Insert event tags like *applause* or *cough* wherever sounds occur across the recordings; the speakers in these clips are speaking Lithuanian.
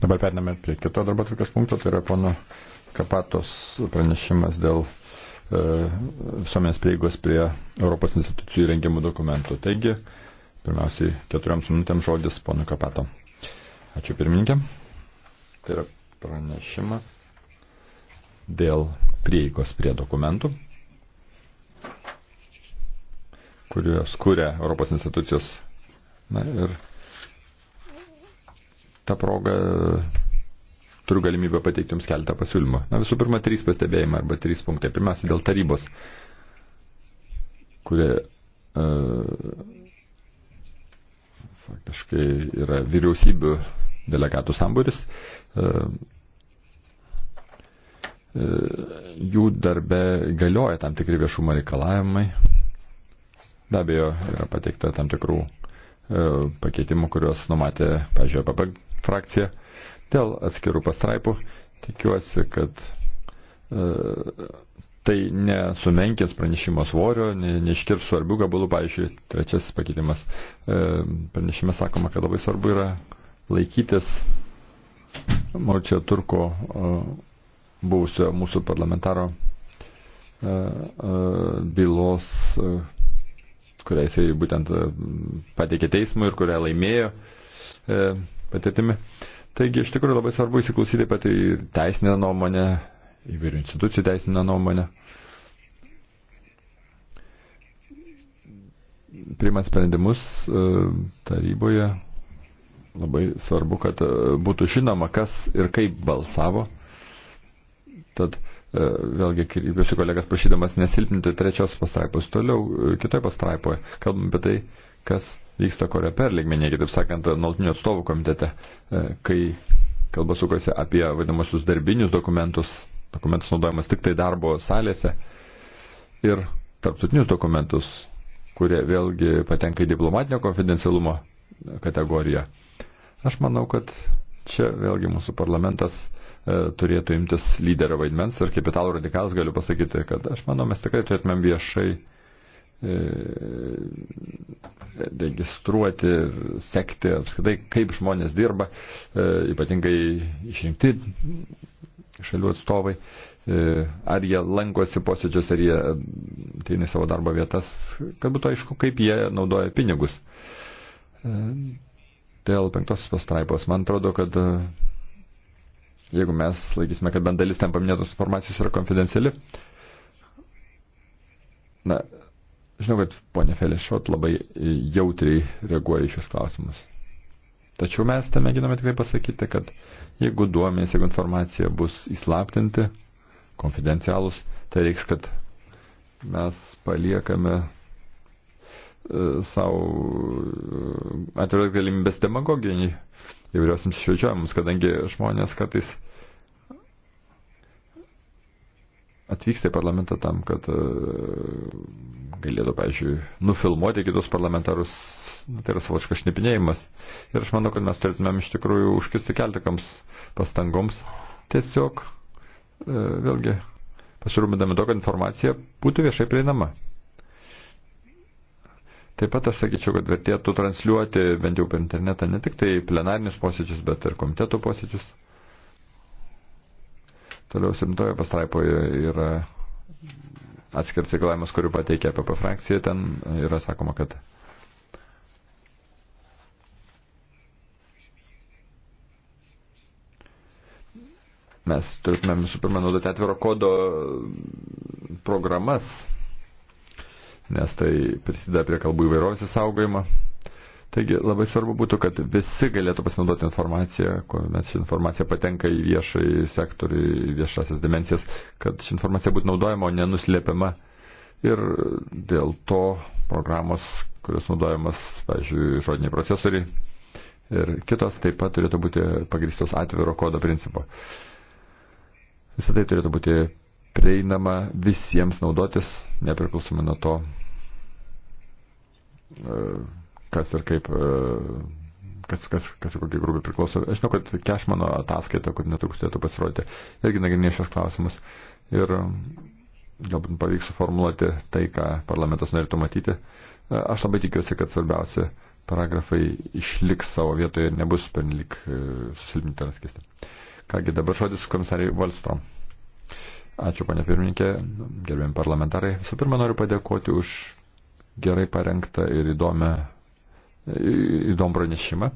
Dabar pername prie kito darbo atvirkės punkto, tai yra pono Kapatos pranešimas dėl e, visuomenės prieigos prie Europos institucijų rengiamų dokumentų. Taigi, pirmiausiai keturioms minutėms žodis pono Kapato. Ačiū pirmininkė. Tai yra pranešimas dėl prieigos prie dokumentų kuriuos kuria Europos institucijos. Na ir tą progą turiu galimybę pateikti Jums keletą pasiūlymų. Na visų pirma, trys pastebėjimai arba trys punktai. Pirmiausia, dėl tarybos, kurie uh, faktiškai yra vyriausybių delegatų sambūris. Uh, jų darbe galioja tam tikri viešumo reikalavimai. Be abejo, yra pateikta tam tikrų pakeitimų, kuriuos numatė, pažiūrėjau, frakcija dėl atskirų pastraipų. Tikiuosi, kad e, tai nesumenkins pranešimo svorio, ne, neiškirs svarbių gabalų. Pavyzdžiui, trečiasis pakeitimas. E, pranešime sakoma, kad labai svarbu yra laikytis Morčio Turko e, buvusio mūsų parlamentaro e, e, bylos, e, kurią jisai būtent e, pateikė teismui ir kurią laimėjo. E, patirtimi. Taigi iš tikrųjų labai svarbu įsiklausyti pat tai į teisinę nuomonę, įvairių institucijų teisinę nuomonę. Priimant sprendimus e, taryboje, labai svarbu, kad e, būtų žinoma, kas ir kaip balsavo. Tad e, vėlgi kreipiuosi kolegas prašydamas nesilpninti trečios pastraipos. Toliau, kitoje pastraipoje, kalbam apie tai, kas vyksta koreper lygmenyje, kitaip sakant, nuolatinių atstovų komitete, e, kai kalba sukasi apie vadinamosius darbinius dokumentus, dokumentus naudojamas tik tai darbo salėse ir tarptautinius dokumentus, kurie vėlgi patenka į diplomatinio konfidencialumo kategoriją. Aš manau, kad čia vėlgi mūsų parlamentas e, turėtų imtis lyderio vaidmens ir kaip italų radikalas galiu pasakyti, kad aš manau, mes tikrai turėtumėm viešai E, registruoti, sekti apskritai, kaip žmonės dirba, e, ypatingai išrinkti šalių atstovai, e, ar jie lankosi posėdžiuose, ar jie ateina į savo darbo vietas, kad būtų aišku, kaip jie naudoja pinigus. Dėl penktosios pastraipos, man atrodo, kad jeigu mes laikysime, kad bent dalis ten paminėtos informacijos yra konfidenciali, na, Žinau, kad ponė Felišot labai jautriai reaguoja į šios klausimus. Tačiau mes tame giname tikrai pasakyti, kad jeigu duomenys, jeigu informacija bus įslaptinti, konfidencialus, tai reikš, kad mes paliekame e, savo e, atviras galimybės demagogijai įvairiosiams švečiojimams, kadangi žmonės kartais atvyksta į parlamentą tam, kad e, galėtų, pavyzdžiui, nufilmuoti kitus parlamentarus, tai yra savočkas šnipinėjimas. Ir aš manau, kad mes turėtumėm iš tikrųjų užkisti keltikams pastangoms, tiesiog e, vėlgi pasirūpindami to, kad informacija būtų viešai prieinama. Taip pat aš sakyčiau, kad vertėtų transliuoti bent jau per internetą ne tik tai plenarinius posėdžius, bet ir komiteto posėdžius. Toliau septintojo pastraipoje yra atskirs reikalavimas, kuriuo pateikia PP frakcija. Ten yra sakoma, kad mes turėtumėm visų pirma naudoti atviro kodo programas, nes tai prisideda prie kalbų įvairovės įsaugojimo. Taigi labai svarbu būtų, kad visi galėtų pasinaudoti informaciją, kuomet ši informacija patenka į viešai sektorių, į viešasias dimensijas, kad ši informacija būtų naudojama, o nenuslėpiama. Ir dėl to programos, kurios naudojamas, pavyzdžiui, žodiniai procesoriai ir kitos taip pat turėtų būti pagristos atviro kodo principo. Visą tai turėtų būti prieinama visiems naudotis, nepriklausomai nuo to. Uh, kas ir kaip, e, kas, kas, kas ir kokiai grupiai priklauso. Aš žinau, kad Kešmano ataskaita, kur netrukus turėtų pasirodyti, irgi nagrinė šios klausimus. Ir e, galbūt pavyks suformuoluoti tai, ką parlamentas norėtų matyti. E, aš labai tikiuosi, kad svarbiausia paragrafai išliks savo vietoje ir nebus pernelik susilpninti ar skisti. Kągi dabar žodis komisariai Valstrom. Ačiū, panė pirmininkė, gerbėjim parlamentarai. Visų pirma, noriu padėkoti už gerai parengtą ir įdomią įdomų pranešimą.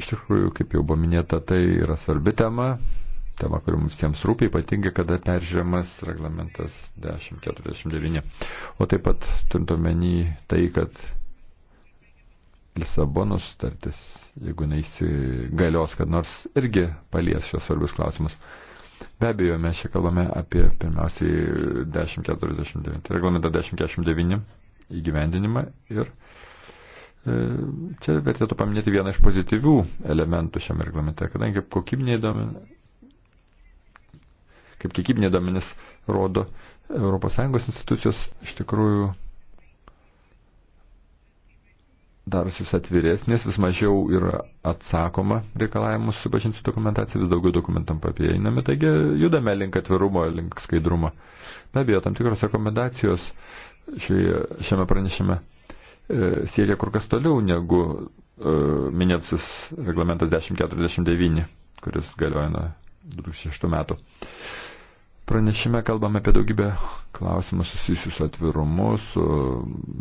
Iš tikrųjų, kaip jau buvo minėta, tai yra svarbi tema, tema, kuri mums visiems rūpia, ypatingai, kada peržiūrimas reglamentas 1049. O taip pat turint omeny tai, kad Lisabonos sutartis, jeigu neįsigalios, kad nors irgi palies šios svarbius klausimus. Be abejo, mes čia kalbame apie pirmiausiai 1049, reglamentą 1049 įgyvendinimą ir E, čia vertėtų paminėti vieną iš pozityvių elementų šiame reglamente, kadangi kokybiniai duomenys, kaip kiekybiniai duomenys rodo, ES institucijos iš tikrųjų darosi vis atviresnės, vis mažiau yra atsakoma reikalavimus supažinti su dokumentacija, vis daugiau dokumentam papieinami, taigi judame link atvirumo, link skaidrumo. Be abejo, tam tikros rekomendacijos šioje, šiame pranešime E, siekia kur kas toliau negu e, minėtasis reglamentas 1049, kuris galioja nuo 2006 metų. Pranešime kalbame apie daugybę klausimų susijusių su atvirumu, su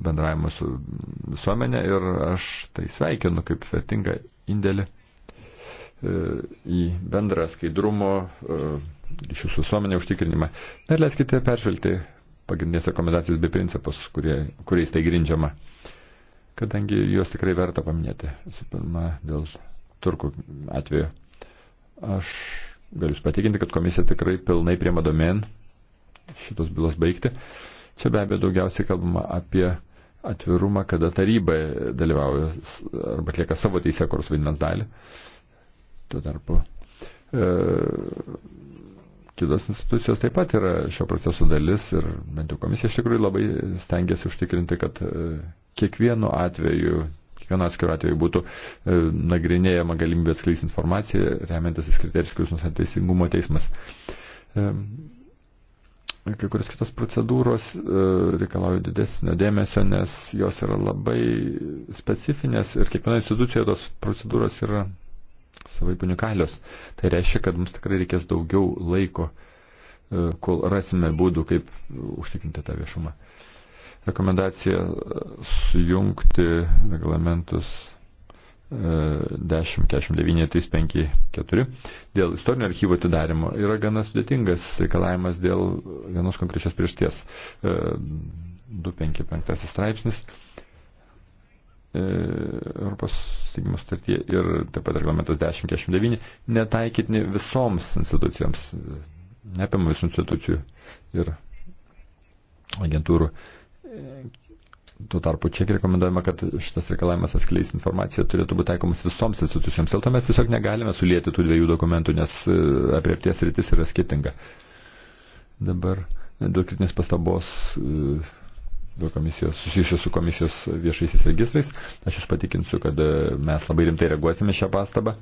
bendravimu su visuomenė ir aš tai sveikinu kaip vertingą indėlį e, į bendrą skaidrumo ryšių su visuomenė užtikrinimą. Ir leiskite peržvelgti pagrindinės rekomendacijas bei principus, kurie, kuriais tai grindžiama kadangi juos tikrai verta paminėti. Visų pirma, dėl turkų atveju. Aš galiu jūs patikinti, kad komisija tikrai pilnai priema domen šitos bylos baigti. Čia be abejo daugiausiai kalbama apie atvirumą, kada taryba dalyvauja arba atlieka savo teisę, kurs vaidmens dalį. Tuo tarpu e, kitos institucijos taip pat yra šio proceso dalis ir bent jau komisija iš tikrųjų labai stengiasi užtikrinti, kad e, kiekvienu atveju, kiekvienu atskiru atveju būtų e, nagrinėjama galimybė atskleisti informaciją, remiantis į kriterijus, kuriuos nusatė teisingumo teismas. E, kai kurios kitos procedūros reikalauja didesnio dėmesio, nes jos yra labai specifinės ir kiekviena institucija tos procedūros yra savai unikalios. Tai reiškia, kad mums tikrai reikės daugiau laiko, e, kol rasime būdų, kaip užtikrinti tą viešumą. Rekomendacija sujungti reglamentus 10.49.35.4 e, dėl istorinio archyvo atidarimo yra gana sudėtingas reikalavimas dėl vienos konkrečios priešties. 255 e, straipsnis E, Europos steigimo sutartyje ir taip pat reglamentas 1049 netaikytini visoms institucijoms, neapima visų institucijų ir agentūrų. E, tuo tarpu čia rekomenduojama, kad šitas reikalavimas atskleisti informaciją turėtų būti taikomas visoms institucijoms. Dėl to mes tiesiog negalime sulėti tų dviejų dokumentų, nes e, apriepties rytis yra skirtinga. Dabar dėl kritinės pastabos komisijos, susijusios su komisijos viešaisiais registrais. Aš jūs patikinsiu, kad e, mes labai rimtai reaguosime šią pastabą.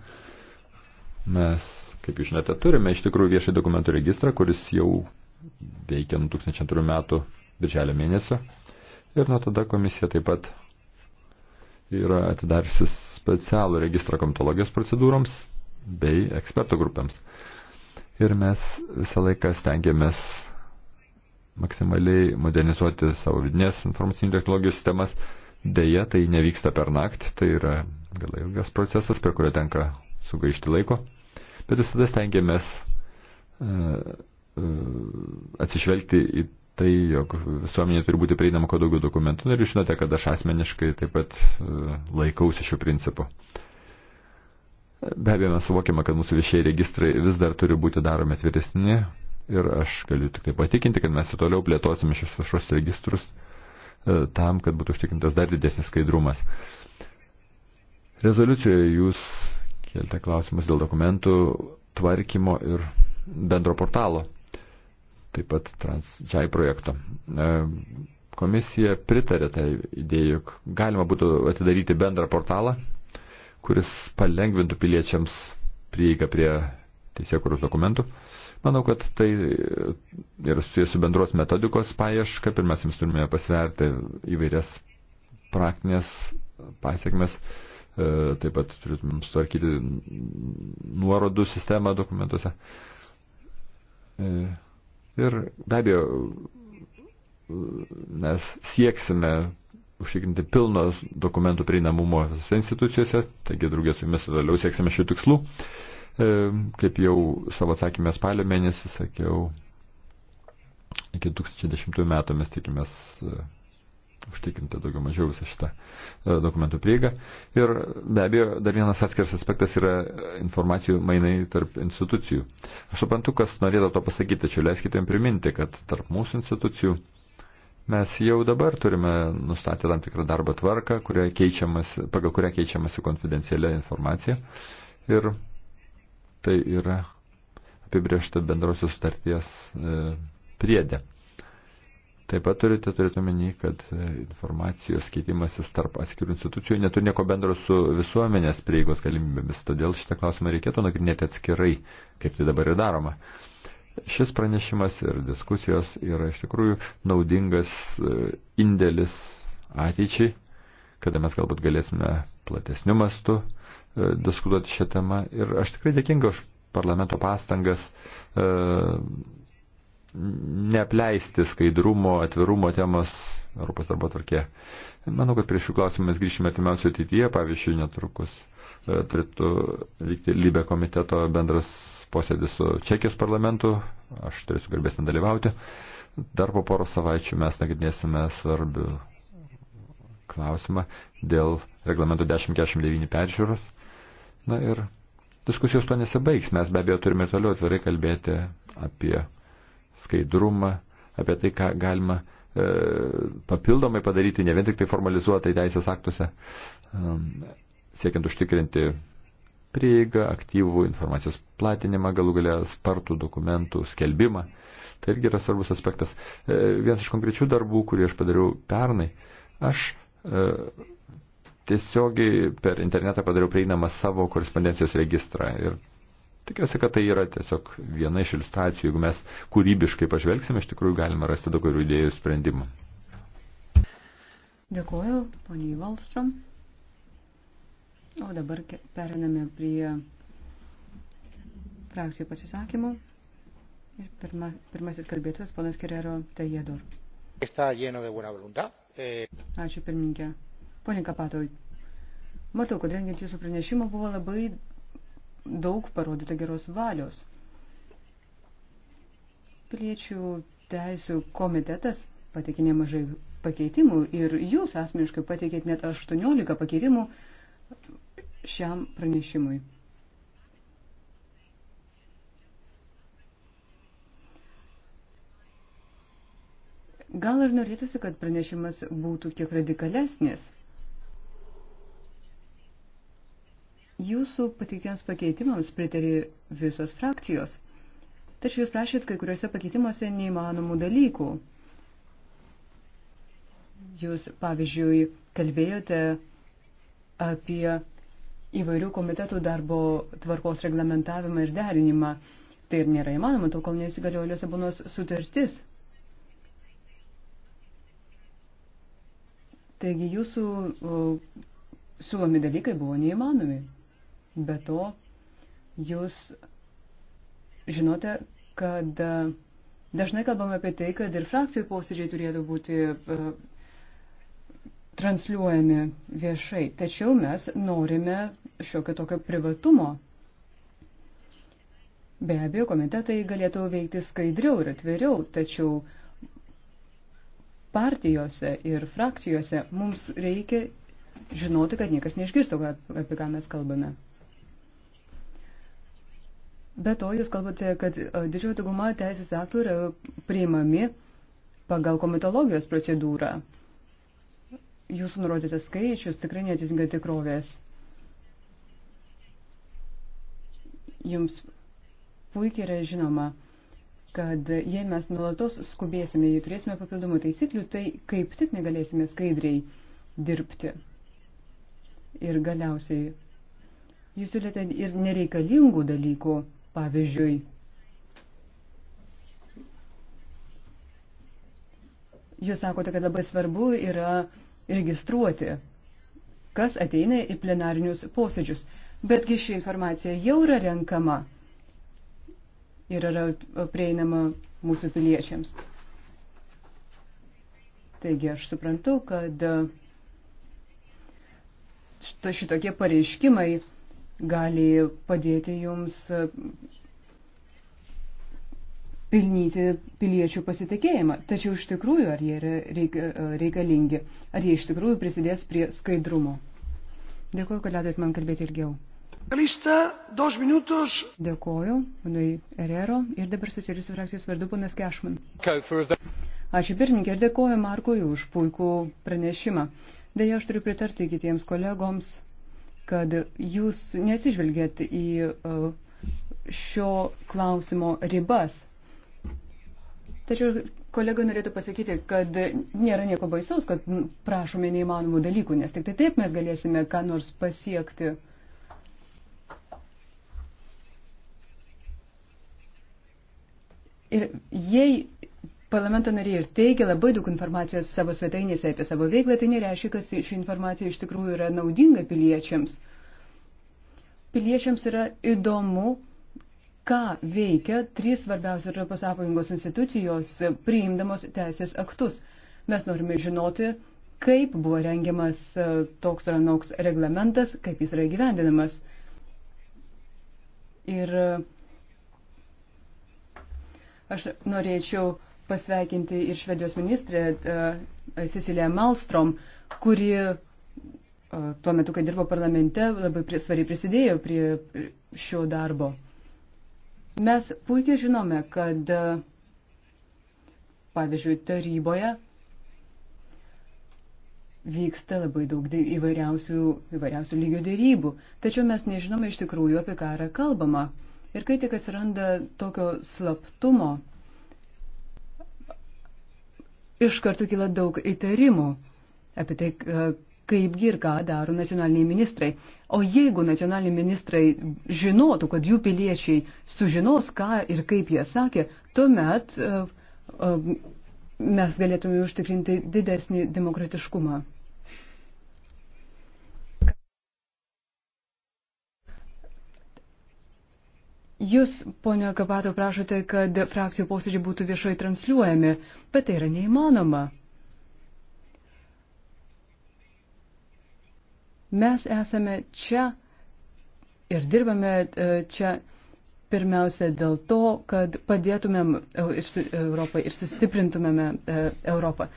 Mes, kaip jūs žinote, turime iš tikrųjų viešai dokumentų registrą, kuris jau veikia nuo 2002 metų birželio mėnesio. Ir nuo tada komisija taip pat yra atidariusi specialų registrą komitologijos procedūroms bei ekspertų grupėms. Ir mes visą laiką stengiamės maksimaliai modernizuoti savo vidinės informacinių technologijų sistemas. Deja, tai nevyksta per naktį, tai yra gal ilgas procesas, prie kurio tenka sugaišti laiko, bet visada stengiamės uh, atsižvelgti į tai, jog visuomenė turi būti prieinama kuo daugiau dokumentų ir žinote, kad aš asmeniškai taip pat uh, laikausi šių principų. Be abejo, mes suvokiame, kad mūsų viešieji registrai vis dar turi būti daromi atviresni, ir aš galiu tik tai patikinti, kad mes ir toliau plėtosime šios viešos registrus e, tam, kad būtų užtikrintas dar didesnis skaidrumas. Rezoliucijoje jūs keltė klausimus dėl dokumentų tvarkymo ir bendro portalo, taip pat transčiai projekto. E, komisija pritarė tai idėjai, jog galima būtų atidaryti bendrą portalą, kuris palengvintų piliečiams prieigą prie teisėkurus dokumentų. Uh, Manau, kad tai ir susijęs su bendros metodikos paieška. Pirmiausia, mes turime pasverti įvairias praktinės pasiekmes. E, taip pat turėtume sutvarkyti nuorodų sistemą dokumentuose. E, ir be abejo, mes sieksime užtikrinti pilno dokumentų prieinamumo institucijose, taigi draugės su jumis toliau sieksime šių tikslų. E, kaip jau savo atsakymę spalio mėnesį sakiau, iki 2010 metų mes tikimės e, užtikrinti daugiau mažiau visą šitą e, dokumentų prieigą. Ir be abejo, dar vienas atskiras aspektas yra informacijų mainai tarp institucijų. Aš suprantu, kas norėtų to pasakyti, tačiau leiskite jums priminti, kad tarp mūsų institucijų mes jau dabar turime nustatę tam tikrą darbo tvarką, pagal kurią keičiamasi konfidencialią informaciją. Ir tai yra apibriešta bendrosios sutarties e, priedė. Taip pat turite turėti omeny, kad e, informacijos keitimasis tarp atskirų institucijų neturi nieko bendro su visuomenės prieigos galimybėmis, todėl šitą klausimą reikėtų nagrinėti atskirai, kaip tai dabar ir daroma. Šis pranešimas ir diskusijos yra iš tikrųjų naudingas e, indėlis ateičiai, kada mes galbūt galėsime platesniu mastu E, diskutuoti šią temą ir aš tikrai dėkinga už parlamento pastangas e, neapleisti skaidrumo, atvirumo temos Europos darbo tvarkė. Manau, kad prie šių klausimų mes grįšime atimiausio ateityje, pavyzdžiui, netrukus e, turėtų vykti Libė komiteto bendras posėdis su Čekijos parlamentu, aš turėsiu garbės nedalyvauti. Dar po poro savaičių mes nagrinėsime svarbių klausimą dėl reglamento 1049 peržiūros. Na ir diskusijos to nesibaigs. Mes be abejo turime ir toliau atvirai kalbėti apie skaidrumą, apie tai, ką galima e, papildomai padaryti, ne vien tik tai formalizuotai teisės aktuose, e, siekiant užtikrinti prieigą, aktyvų informacijos platinimą, galų galę spartų dokumentų skelbimą. Tai irgi yra svarbus aspektas. E, vienas iš konkrečių darbų, kurį aš padariau pernai, aš e, tiesiogiai per internetą padariau prieinamą savo korespondencijos registrą. Ir tikiuosi, kad tai yra tiesiog viena iš iliustracijų. Jeigu mes kūrybiškai pažvelgsime, iš tikrųjų galime rasti daug ir idėjų sprendimų. Dėkuoju, poniai Valstrom. O dabar periname prie frakcijų pasisakymų. Ir pirma, pirmasis kalbėtojas, ponas Kerero Tajedor. Eh, Ačiū pirmininkė. Pone Kapatoj, matau, kad rengiant jūsų pranešimą buvo labai daug parodyta geros valios. Piliečių teisų komitetas pateikė nemažai pakeitimų ir jūs asmeniškai pateikėt net 18 pakeitimų šiam pranešimui. Gal ir norėtųsi, kad pranešimas būtų kiek radikalesnis. Jūsų pateiktiems pakeitimams pritarė visos frakcijos. Tačiau jūs prašėt kai kuriuose pakeitimuose neįmanomų dalykų. Jūs, pavyzdžiui, kalbėjote apie įvairių komitetų darbo tvarkos reglamentavimą ir derinimą. Tai ir nėra įmanoma, to kol neįsigaliojo Lisabonos sutartis. Taigi jūsų o, siūlomi dalykai buvo neįmanomi. Be to, jūs žinote, kad e, dažnai kalbame apie tai, kad ir frakcijų posėdžiai turėtų būti e, transliuojami viešai. Tačiau mes norime šiokio tokio privatumo. Be abejo, komitetai galėtų veikti skaidriau ir atviriau, tačiau partijose ir frakcijose mums reikia žinoti, kad niekas neišgirsto, apie ką mes kalbame. Be to, jūs kalbate, kad e, didžioji dauguma teisės aktų yra priimami pagal komitologijos procedūrą. Jūsų nurodytas skaičius tikrai netisinga tikrovės. Jums puikiai yra žinoma, kad jei mes nuolatos skubėsime, jei turėsime papildomų taisyklių, tai kaip tik negalėsime skaidriai dirbti. Ir galiausiai jūs siūlėte ir nereikalingų dalykų Pavyzdžiui, jūs sakote, kad labai svarbu yra registruoti, kas ateina į plenarinius posėdžius. Betgi ši informacija jau yra renkama ir yra prieinama mūsų piliečiams. Taigi aš suprantu, kad šitokie pareiškimai gali padėti jums pilnyti piliečių pasitikėjimą. Tačiau iš tikrųjų, ar jie yra reikalingi, ar jie iš tikrųjų prisidės prie skaidrumo. Dėkuoju, kad leidot man kalbėti ilgiau. Dėkuoju, manai Erero ir dabar socialistų frakcijos vardu ponas Kešman. Ačiū pirmininkė ir dėkuoju Markui už puikų pranešimą. Deja, aš turiu pritarti kitiems kolegoms kad jūs nesižvelgėt į e, šio klausimo ribas. Tačiau kolega norėtų pasakyti, kad nėra nieko baisaus, kad prašome neįmanomų dalykų, nes tik tai taip mes galėsime ką nors pasiekti. Ir jei parlamento nariai ir teigia labai daug informacijos savo svetainėse apie savo veiklą, tai nereiškia, kad ši informacija iš tikrųjų yra naudinga piliečiams. Piliečiams yra įdomu, ką veikia trys svarbiausios Europos Sąjungos institucijos priimdamos teisės aktus. Mes norime žinoti, kaip buvo rengiamas e, toks ar anoks reglamentas, kaip jis yra gyvendinamas. Ir e, aš norėčiau pasveikinti ir švedijos ministrę e, Ceciliją Malstrom, kuri e, tuo metu, kai dirbo parlamente, labai svariai prisidėjo prie šio darbo. Mes puikiai žinome, kad, e, pavyzdžiui, taryboje vyksta labai daug įvairiausių, įvairiausių lygio dėrybų, tačiau mes nežinome iš tikrųjų, apie ką yra kalbama. Ir kai tik atsiranda tokio slaptumo, iš karto kyla daug įtarimų apie tai, kaipgi ir ką daro nacionaliniai ministrai. O jeigu nacionaliniai ministrai žinotų, kad jų piliečiai sužinos, ką ir kaip jie sakė, tuomet e, e, mes galėtume užtikrinti didesnį demokratiškumą. Jūs, ponia Kapato, prašote, kad frakcijų posėdžiai būtų viešai transliuojami, bet tai yra neįmanoma. Mes esame čia ir dirbame e, čia pirmiausia dėl to, kad padėtumėm Europai ir sustiprintumėme e, Europą.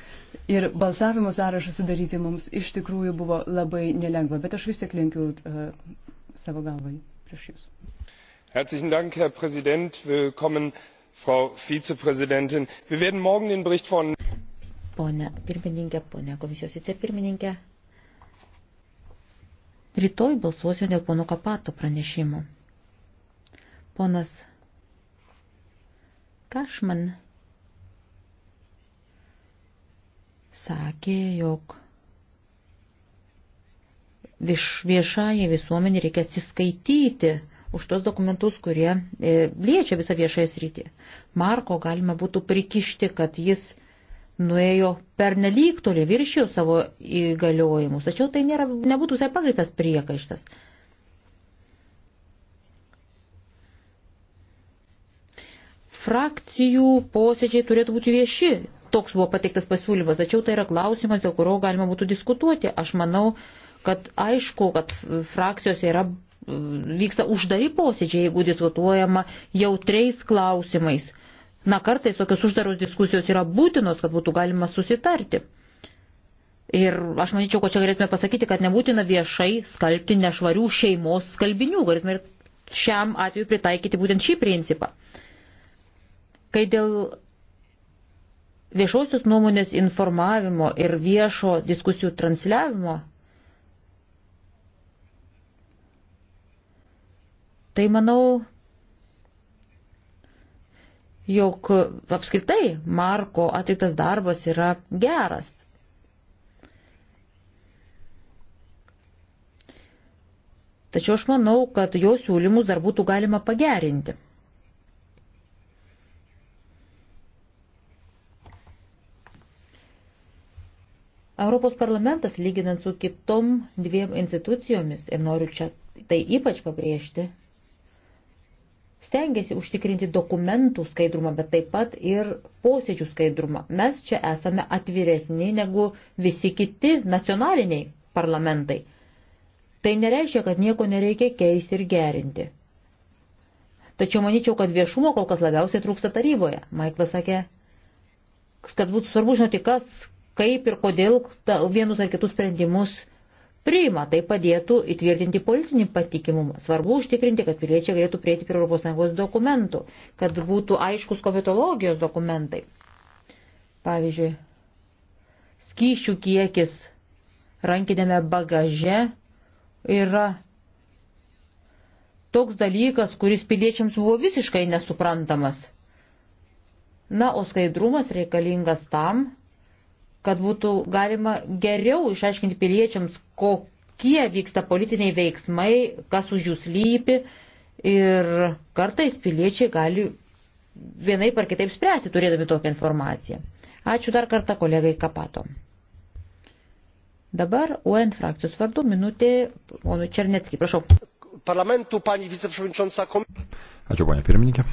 Ir balsavimo sąrašą sudaryti mums iš tikrųjų buvo labai nelengva, bet aš vis tiek lenkiu e, savo galvai prieš jūs herr präsident willkommen frau vizepräsidentin! wir werden morgen den bericht von. pone pirmininke pone komisijos vicepirmininke rytoj balsuosiu dėl pono kapato pranešimo. ponas kašman sakė jog vieš, viešąją visuomenį reikia atsiskaityti už tos dokumentus, kurie e, liečia visą viešąją sritį. Marko galima būtų prikišti, kad jis nuėjo per nelyg toli viršijo savo įgaliojimus, tačiau tai nėra, nebūtų visai pagristas priekaištas. Frakcijų posėdžiai turėtų būti vieši. Toks buvo pateiktas pasiūlymas, tačiau tai yra klausimas, dėl kurio galima būtų diskutuoti. Aš manau, kad aišku, kad frakcijos yra vyksta uždari posėdžiai, jeigu diskutuojama jautriais klausimais. Na, kartais tokios uždaros diskusijos yra būtinos, kad būtų galima susitarti. Ir aš manyčiau, kad čia galėtume pasakyti, kad nebūtina viešai skalbti nešvarių šeimos skalbinių. Galėtume ir šiam atveju pritaikyti būtent šį principą. Kai dėl viešosios nuomonės informavimo ir viešo diskusijų transliavimo tai manau, jog apskritai Marko atliktas darbas yra geras. Tačiau aš manau, kad jo siūlymus dar būtų galima pagerinti. Europos parlamentas, lyginant su kitom dviem institucijomis, ir noriu čia tai ypač pabrėžti, stengiasi užtikrinti dokumentų skaidrumą, bet taip pat ir posėdžių skaidrumą. Mes čia esame atviresni negu visi kiti nacionaliniai parlamentai. Tai nereiškia, kad nieko nereikia keisti ir gerinti. Tačiau manyčiau, kad viešumo kol kas labiausiai trūksta taryboje. Maiklas sakė, kad būtų svarbu žinoti, kas, kaip ir kodėl ta, vienus ar kitus sprendimus priima. Tai padėtų įtvirtinti politinį patikimumą. Svarbu užtikrinti, kad piliečiai galėtų prieiti prie ES dokumentų, kad būtų aiškus komitologijos dokumentai. Pavyzdžiui, skyšių kiekis rankinėme bagaže yra toks dalykas, kuris piliečiams buvo visiškai nesuprantamas. Na, o skaidrumas reikalingas tam, kad būtų galima geriau išaiškinti piliečiams, kokie vyksta politiniai veiksmai, kas už jų slypi ir kartais piliečiai gali vienai par kitaip spręsti, turėdami tokią informaciją. Ačiū dar kartą kolegai Kapato. Dabar UN frakcijos vardu minutė ponui Černeckiai. Prašau. Parlamentų, pani vicepirmininkė. Ačiū, ponia pirmininkė.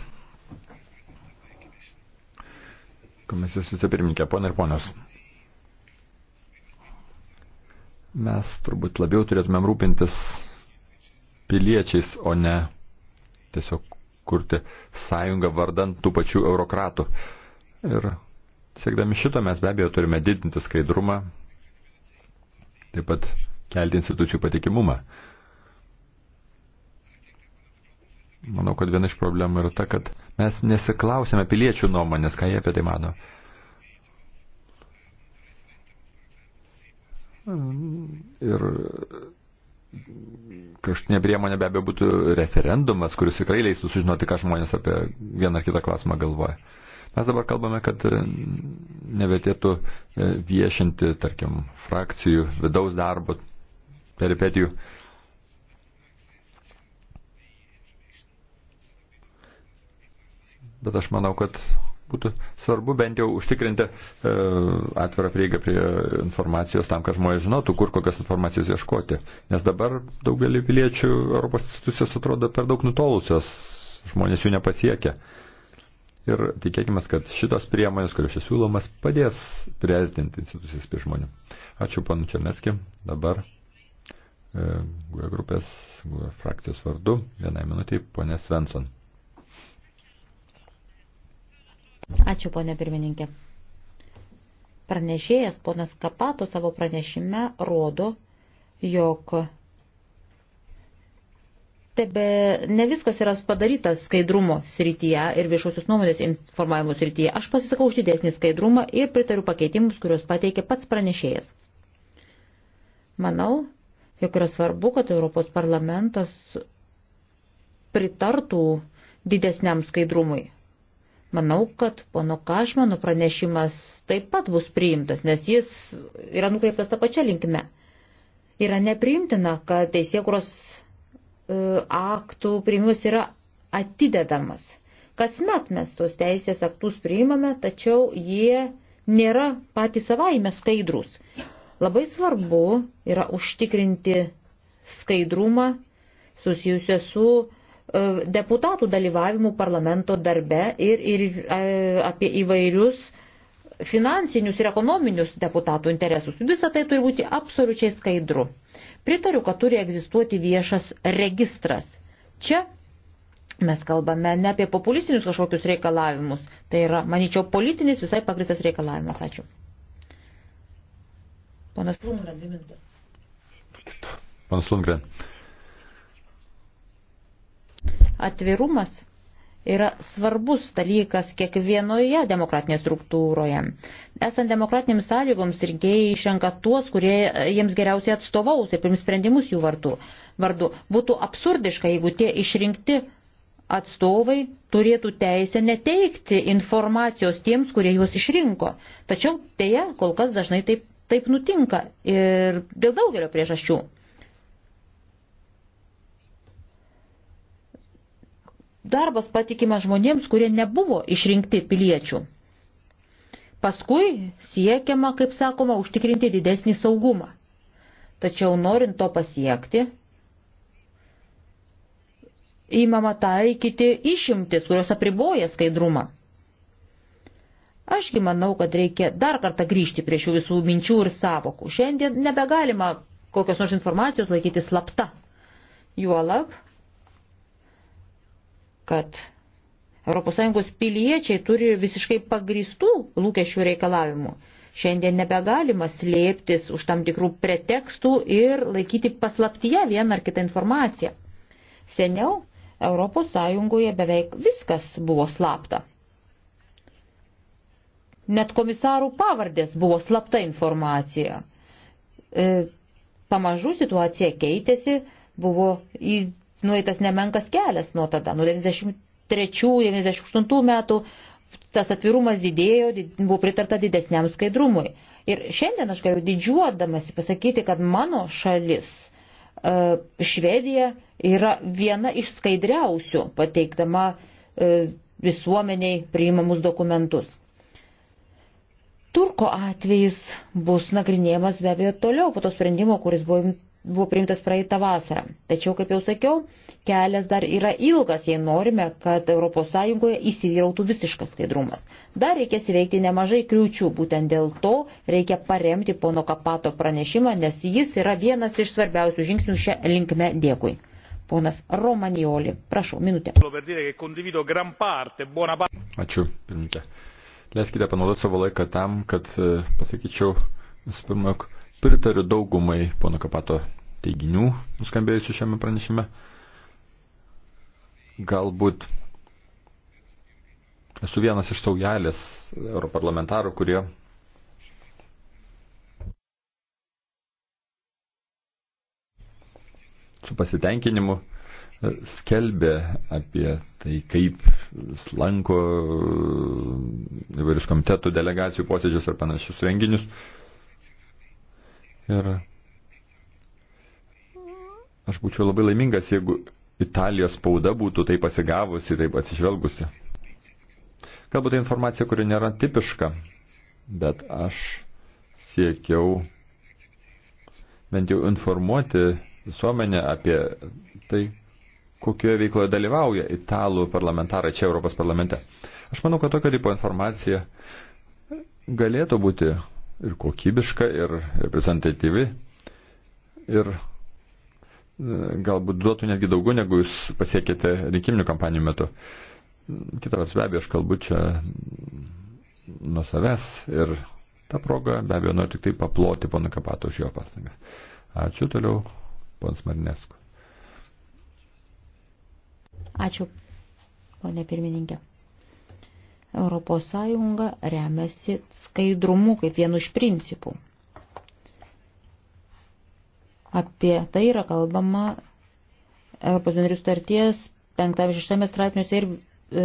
Komisijos vicepirmininkė, ponia ir ponios. Mes turbūt labiau turėtumėm rūpintis piliečiais, o ne tiesiog kurti sąjungą vardant tų pačių eurokratų. Ir siekdami šito mes be abejo turime didinti skaidrumą, taip pat kelti institucijų patikimumą. Manau, kad viena iš problemų yra ta, kad mes nesiklausėme piliečių nuomonės, ką jie apie tai mano. Ir kraštinė priemonė be abejo būtų referendumas, kuris tikrai leistų sužinoti, ką žmonės apie vieną ar kitą klausimą galvoja. Mes dabar kalbame, kad nevetėtų viešinti, tarkim, frakcijų, vidaus darbo, peripetijų. Bet aš manau, kad būtų svarbu bent jau užtikrinti e, atvirą prieigą prie informacijos tam, kad žmonės žinotų, kur kokias informacijos ieškoti. Nes dabar daugelį piliečių Europos institucijos atrodo per daug nutolusios, žmonės jų nepasiekia. Ir tikėkime, kad šitos priemonės, kurios čia siūlomas, padės priartinti institucijas prie žmonių. Ačiū panu Černecki. Dabar e, grupės frakcijos vardu vienai minutiai ponė Svensson. Ačiū, ponė pirmininkė. Pranešėjas ponas Kapato savo pranešime rodo, jog tebe ne viskas yra padaryta skaidrumo srityje ir viešosios nuomonės informavimo srityje. Aš pasisakau už didesnį skaidrumą ir pritariu pakeitimus, kuriuos pateikė pats pranešėjas. Manau, jog yra svarbu, kad Europos parlamentas pritartų didesniam skaidrumui. Manau, kad pono Kašmanų pranešimas taip pat bus priimtas, nes jis yra nukreiptas tą pačią linkmę. Yra nepriimtina, kad teisėkuros e, aktų priimimas yra atidedamas. Kasmet mes tos teisės aktus priimame, tačiau jie nėra patys savaime skaidrus. Labai svarbu yra užtikrinti skaidrumą susijusią su E, deputatų dalyvavimų parlamento darbe ir, ir e, apie įvairius finansinius ir ekonominius deputatų interesus. Visą tai turi būti absoliučiai skaidru. Pritariu, kad turi egzistuoti viešas registras. Čia mes kalbame ne apie populistinius kažkokius reikalavimus. Tai yra, manyčiau, politinis visai pagristas reikalavimas. Ačiū. Ponas Lundgren, dvi minutės. Ponas Lundgren, Atvirumas yra svarbus dalykas kiekvienoje demokratinėje struktūroje. Esant demokratinėms sąlygoms, rinkėjai išrenka tuos, kurie jiems geriausiai atstovaus ir prims sprendimus jų vardu. vardu. Būtų absurdiška, jeigu tie išrinkti atstovai turėtų teisę neteikti informacijos tiems, kurie juos išrinko. Tačiau dėja, kol kas dažnai taip, taip nutinka ir dėl daugelio priežasčių. darbas patikimas žmonėms, kurie nebuvo išrinkti piliečių. Paskui siekiama, kaip sakoma, užtikrinti didesnį saugumą. Tačiau norint to pasiekti, įmama taikyti išimtis, kurios apriboja skaidrumą. Ašgi manau, kad reikia dar kartą grįžti prie šių visų minčių ir savokų. Šiandien nebegalima kokios nors informacijos laikyti slapta. Juolab, kad ES piliečiai turi visiškai pagristų lūkesčių reikalavimų. Šiandien nebegalima slėptis už tam tikrų pretekstų ir laikyti paslaptyje vieną ar kitą informaciją. Seniau ES beveik viskas buvo slapta. Net komisarų pavardės buvo slapta informacija. E, pamažu situacija keitėsi, buvo į nueitas nemenkas kelias nuo tada, nuo 93-98 metų tas atvirumas didėjo, buvo pritarta didesniam skaidrumui. Ir šiandien aš galiu didžiuodamasi pasakyti, kad mano šalis e, Švedija yra viena iš skaidriausių pateikdama e, visuomeniai priimamus dokumentus. Turko atvejis bus nagrinėjamas be abejo toliau po to sprendimo, kuris buvo buvo priimtas praeitą vasarą. Tačiau, kaip jau sakiau, kelias dar yra ilgas, jei norime, kad ES įsivyrautų visiškas skaidrumas. Dar reikės įveikti nemažai kliūčių, būtent dėl to reikia paremti pono Kapato pranešimą, nes jis yra vienas iš svarbiausių žingsnių šią linkme. Dėkui. Ponas Romanioli, prašau, minutę. Ačiū, pirmininkė. Leiskite panaudoti savo laiką tam, kad e, pasakyčiau, visų pirma, Pritariu daugumai pono Kapato teiginių nuskambėjusių šiame pranešime. Galbūt esu vienas iš saujelės europarlamentarų, kurie su pasitenkinimu e, skelbė apie tai, kaip slanko įvairius komitetų delegacijų posėdžius ar panašius renginius. Ir aš būčiau labai laimingas, jeigu Italijos spauda būtų taip pasigavusi, taip atsižvelgusi. Galbūt tai informacija, kuri nėra tipiška, bet aš siekiau bent jau informuoti visuomenę apie tai, kokioje veikloje dalyvauja italų parlamentarai čia Europos parlamente. Aš manau, kad tokio tipo informacija galėtų būti ir kokybiška, ir reprezentatyvi, ir e, galbūt duotų netgi daugiau, negu jūs pasiekėte rinkiminių kampanijų metu. Kita vers, be abejo, aš kalbu čia nuo savęs ir tą progą, be abejo, noriu tik tai paploti ponu Kapatu už jo pastangas. Ačiū toliau, pons Marinesku. Ačiū, ponė pirmininkė. ES remiasi skaidrumu kaip vienu iš principų. Apie tai yra kalbama ES sutarties 5-6 straipsniuose ir E,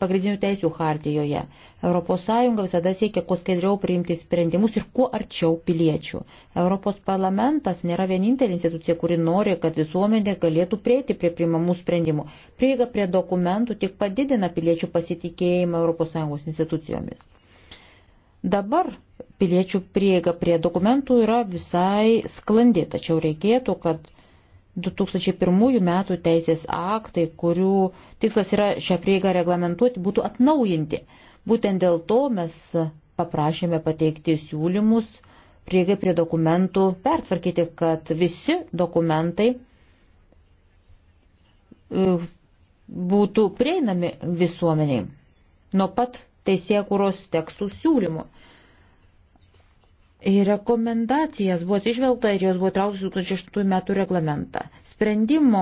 pagrindinių teisių hartijoje. ES visada siekia kuo skaidriau priimti sprendimus ir kuo arčiau piliečių. Europos parlamentas nėra vienintelė institucija, kuri nori, kad visuomenė galėtų prieiti prie primamų sprendimų. Prieiga prie dokumentų tik padidina piliečių pasitikėjimą ES institucijomis. Dabar piliečių prieiga prie dokumentų yra visai sklandi, tačiau reikėtų, kad 2001 metų teisės aktai, kurių tikslas yra šią prieigą reglamentuoti, būtų atnaujinti. Būtent dėl to mes paprašėme pateikti siūlymus prieigai prie dokumentų pertvarkyti, kad visi dokumentai e, būtų prieinami visuomeniai nuo pat teisėkūros tekstų siūlymų į rekomendacijas buvo atsižvelgta ir jos buvo trauktos 2006 metų reglamentą. Sprendimo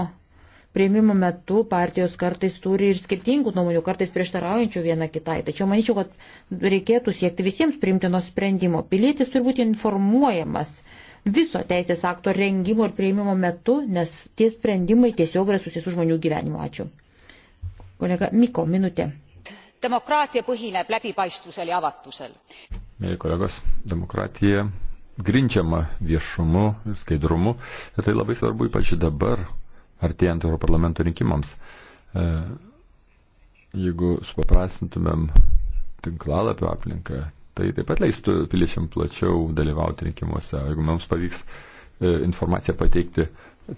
prieimimo metu partijos kartais turi ir skirtingų nuomonių, kartais prieštaraujančių viena kitai. Tačiau manyčiau, kad reikėtų siekti visiems priimtino sprendimo. Pilietis turi būti informuojamas viso teisės akto rengimo ir prieimimo metu, nes tie sprendimai tiesiog yra susijęs su žmonių gyvenimu. Ačiū. Kolega Miko, minutė. Demokraatija põhineb läbipaistvusel ja avatusel mėly kolegos, demokratija grindžiama viešumu ir skaidrumu. Ir tai labai svarbu ypač dabar, artėjant Europarlamento rinkimams. E, jeigu supaprastintumėm tinklalapio aplinką, tai taip pat leistų piliečiam plačiau dalyvauti rinkimuose. Jeigu mums pavyks e, informaciją pateikti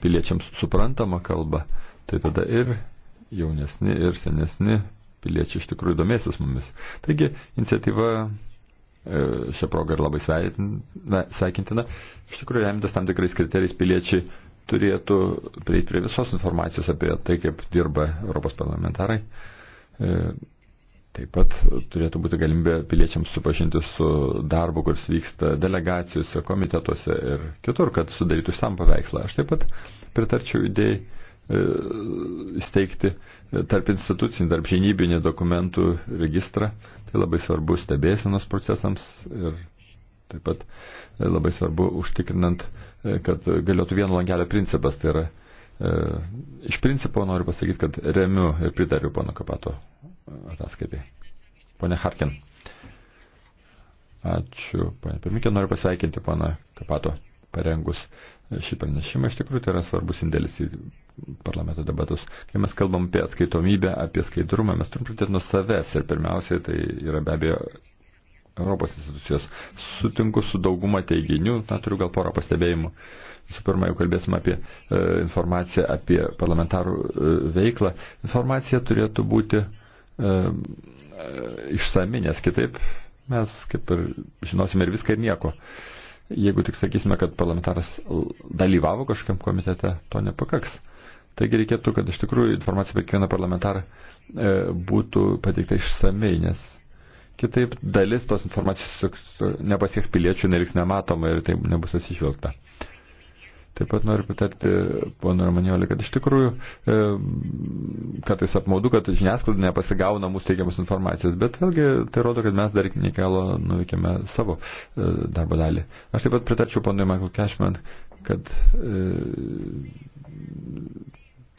piliečiams suprantamą kalbą, tai tada ir jaunesni, ir senesni piliečiai iš tikrųjų domėsis mumis. Taigi, iniciatyva šią progą ir labai sveikintina. Iš tikrųjų, remintas tam tikrais kriterijais piliečiai turėtų prieiti prie visos informacijos apie tai, kaip dirba Europos parlamentarai. E, taip pat turėtų būti galimybė piliečiams supažinti su darbu, kuris vyksta delegacijose, komitetuose ir kitur, kad sudarytų sam paveikslą. Aš taip pat pritarčiau idėjai E, įsteigti tarp institucinį, tarp žinybinį dokumentų registrą. Tai labai svarbu stebėsenos procesams ir taip pat e, labai svarbu užtikrinant, e, kad galėtų vieno langelio principas. Tai yra, iš principo noriu pasakyti, kad remiu ir pritariu pono Kapato ataskaitai. Pone Harkin. Ačiū, pane pirmininkė, noriu pasveikinti pana Kapato parengus šį pranešimą. Iš tikrųjų, tai yra svarbus indėlis į parlamento debatus. Kai mes kalbam apie atskaitomybę, apie skaidrumą, mes turim pradėti nuo savęs ir pirmiausiai tai yra be abejo Europos institucijos. Sutinku su dauguma teiginių, na, turiu gal porą pastebėjimų. Visų pirma, jau kalbėsim apie e, informaciją apie parlamentarų e, veiklą. Informacija turėtų būti e, e, išsami, nes kitaip mes kaip ir žinosime ir viską ir nieko. E, Jeigu tik sakysime, kad parlamentaras dalyvavo kažkam komitete, to nepakaks. Taigi reikėtų, kad iš tikrųjų informacija apie kiekvieną parlamentarą e, būtų pateikta išsamei, nes kitaip dalis tos informacijos nepasieks piliečių, neliks nematoma ir tai nebus atsižvelgta. E, Taip pat noriu patarti, pono Ramaniolį, kad iš tikrųjų e, kartais apmaudu, kad žiniasklaida nepasigauna mūsų teigiamus informacijos, bet vėlgi tai rodo, kad mes dar iki nekalo nuveikėme savo e, darbo dalį. Aš taip pat pritarčiau ponui Michael Cashman, kad e,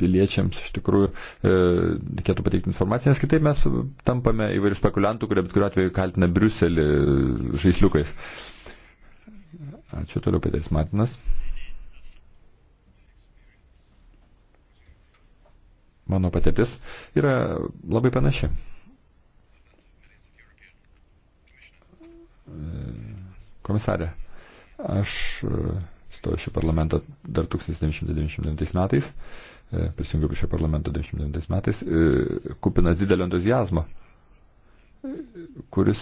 piliečiams iš tikrųjų e, reikėtų pateikti informaciją, nes kitaip mes tampame įvairių spekuliantų, kurie bet kuriuo atveju kaltina Briuselį žaisliukais. Ačiū toliau, Peteris Matinas. mano patirtis yra labai panaši. Komisarė, aš e, stojau šio parlamento dar 1999 metais, e, prisijungiau prie šio parlamento 1999 metais, e, kupinas didelio entuzijazmo, kuris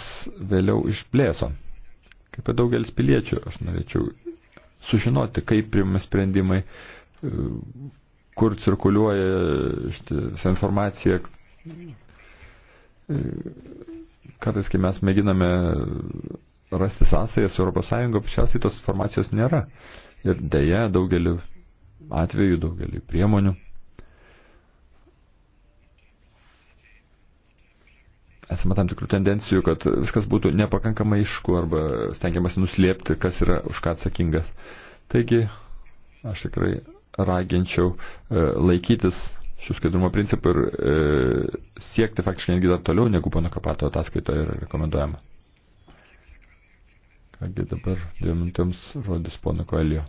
vėliau išblėso. Kaip ir daugelis piliečių, aš norėčiau sužinoti, kaip primami sprendimai, kur cirkuliuoja visa informacija. Kartais, kai mes mėginame rasti sąsąją su ES, paprasčiausiai tos informacijos nėra. Ir dėja, daugeliu atveju, daugeliu priemonių. Esame tam tikrų tendencijų, kad viskas būtų nepakankamai išku arba stengiamasi nuslėpti, kas yra už ką atsakingas. Taigi, aš tikrai raginčiau e, laikytis šių skaidrumo principų ir e, siekti faktiškai netgi dar toliau, negu pono Kapato ataskaitoje yra rekomenduojama. Kągi dabar dviem minutėms rodys pono Koelio.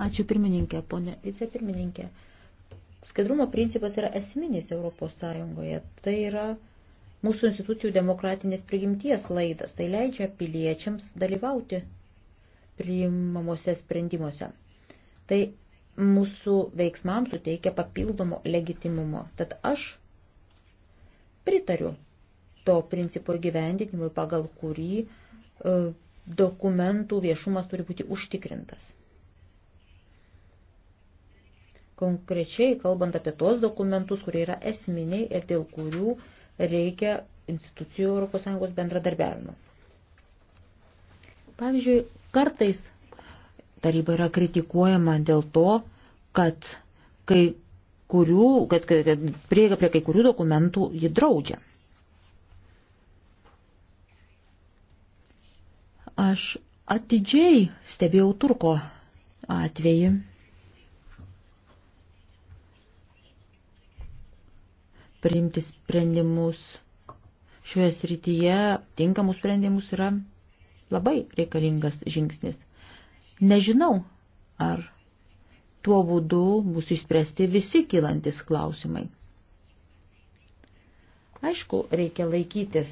Ačiū pirmininkė, ponė vicepirmininkė. Skaidrumo principas yra esminis Europos Sąjungoje. Tai yra mūsų institucijų demokratinės prigimties laidas. Tai leidžia piliečiams dalyvauti priimamuose sprendimuose. Tai mūsų veiksmams suteikia papildomo legitimumo. Tad aš pritariu to principo įgyvendinimui, pagal kurį e, dokumentų viešumas turi būti užtikrintas. Konkrečiai, kalbant apie tos dokumentus, kurie yra esminiai ir dėl kurių e, reikia institucijų ES bendradarbiavimo. Pavyzdžiui, kartais taryba yra kritikuojama dėl to, kad kai kurių, kad, kad prieiga prie kai kurių dokumentų jį draudžia. Aš atidžiai stebėjau Turko atvejį priimti sprendimus šioje srityje, tinkamus sprendimus yra labai reikalingas žingsnis. Nežinau, ar tuo būdu bus išspręsti visi kilantis klausimai. Aišku, reikia laikytis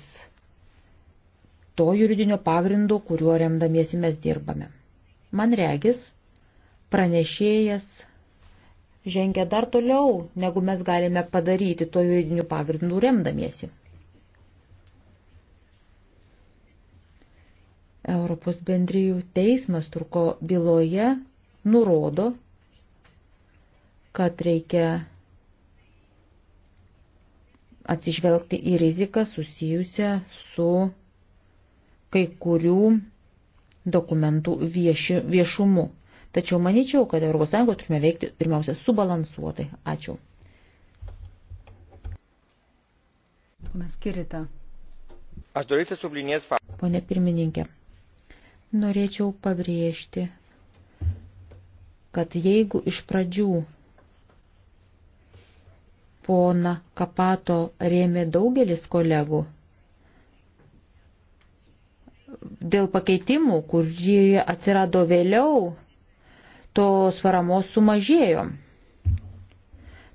to juridinio pagrindo, kuriuo remdamiesi mes dirbame. Man regis, pranešėjas žengia dar toliau, negu mes galime padaryti to juridinių pagrindų remdamiesi. Europos bendrijų teismas turko byloje nurodo, kad reikia atsižvelgti į riziką susijusią su kai kurių dokumentų vieši, viešumu. Tačiau manyčiau, kad ES turime veikti pirmiausia subalansuotai. Ačiū. Ponas Kirita. Aš doriu sublinės faktą. Pone pirmininkė, norėčiau pabrėžti, kad jeigu iš pradžių pona Kapato rėmė daugelis kolegų. Dėl pakeitimų, kurie atsirado vėliau, tos paramos sumažėjo.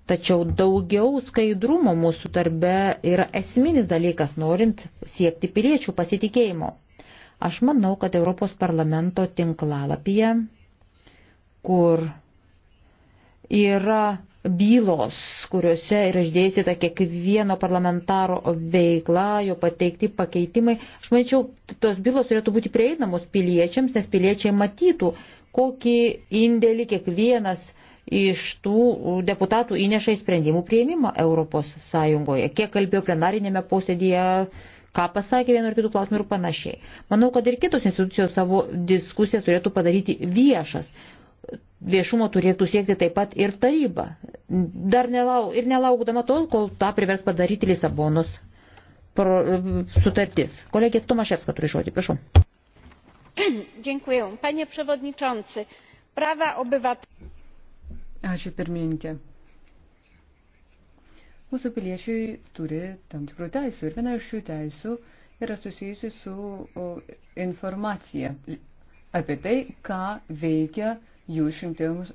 Tačiau daugiau skaidrumo mūsų darbe yra esminis dalykas, norint siekti piliečių pasitikėjimo. Aš manau, kad Europos parlamento tinklalapyje, kur yra bylos, kuriuose yra išdėstyta kiekvieno parlamentaro veikla, jo pateikti pakeitimai. Aš manyčiau, tos bylos turėtų būti prieinamos piliečiams, nes piliečiai matytų, kokį indėlį kiekvienas iš tų deputatų įneša į sprendimų prieimimą Europos Sąjungoje, kiek kalbėjo plenarinėme posėdėje, ką pasakė vienu ar kitų klausimų ir panašiai. Manau, kad ir kitos institucijos savo diskusiją turėtų padaryti viešas. Viešumo turėtų siekti taip pat ir taryba. Dar nelau, ir nelaukdama tol, kol tą privers padaryti Lisabonos pro, sutartis. Kolegė Tomaševska turi žodį, prašau. *clears throat* panie przewodniczący! prawa obywateli. ačiū pirmininke. Mūsų piliečiai turi tam tikrų teisų ir viena iš šių teisų yra susijusi su informacija apie tai, ką veikia jų išrinktimus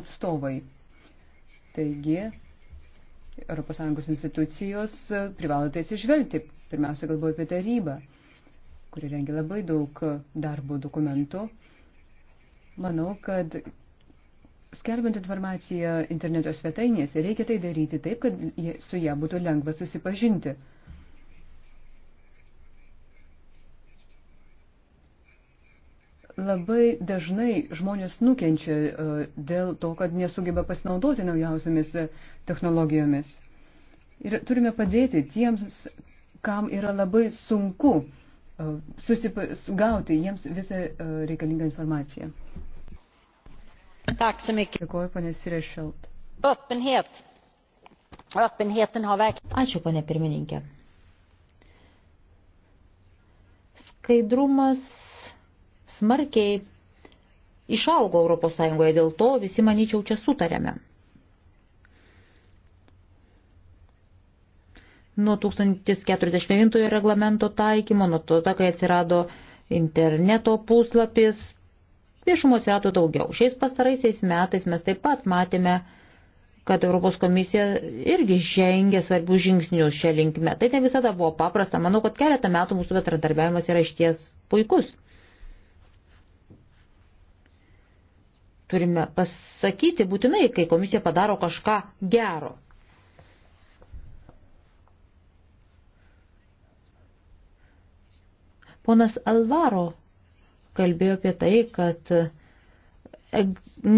atstovai. Taigi, ES institucijos privalo tai atsižvelgti. Pirmiausia, galvoju apie tarybą kuri rengia labai daug darbo dokumentų. Manau, kad skelbiant informaciją interneto svetainėse, reikia tai daryti taip, kad su ją būtų lengva susipažinti. Labai dažnai žmonės nukenčia e, dėl to, kad nesugeba pasinaudoti naujausiamis e, technologijomis. Ir turime padėti tiems, kam yra labai sunku E, susigauti jiems visą e, reikalingą informaciją. Tack så mycket. Dėkuoju, ponė Sirešelt. Öppenhet. Öppenheten har verkligen... Ačiū, ponė pirmininkė. Skaidrumas smarkiai išaugo ES, dėl to visi, manyčiau, čia sutarėme. nuo 1049 reglamento taikymo, nuo to, kai atsirado interneto puslapis, viešumo atsirado daugiau. Šiais pastaraisiais metais mes taip pat matėme, kad Europos komisija irgi žengė svarbių žingsnius šią linkmę. Tai ne visada buvo paprasta. Manau, kad keletą metų mūsų bendradarbiavimas yra išties puikus. Turime pasakyti būtinai, kai komisija padaro kažką gero. Ponas Alvaro kalbėjo apie tai, kad e,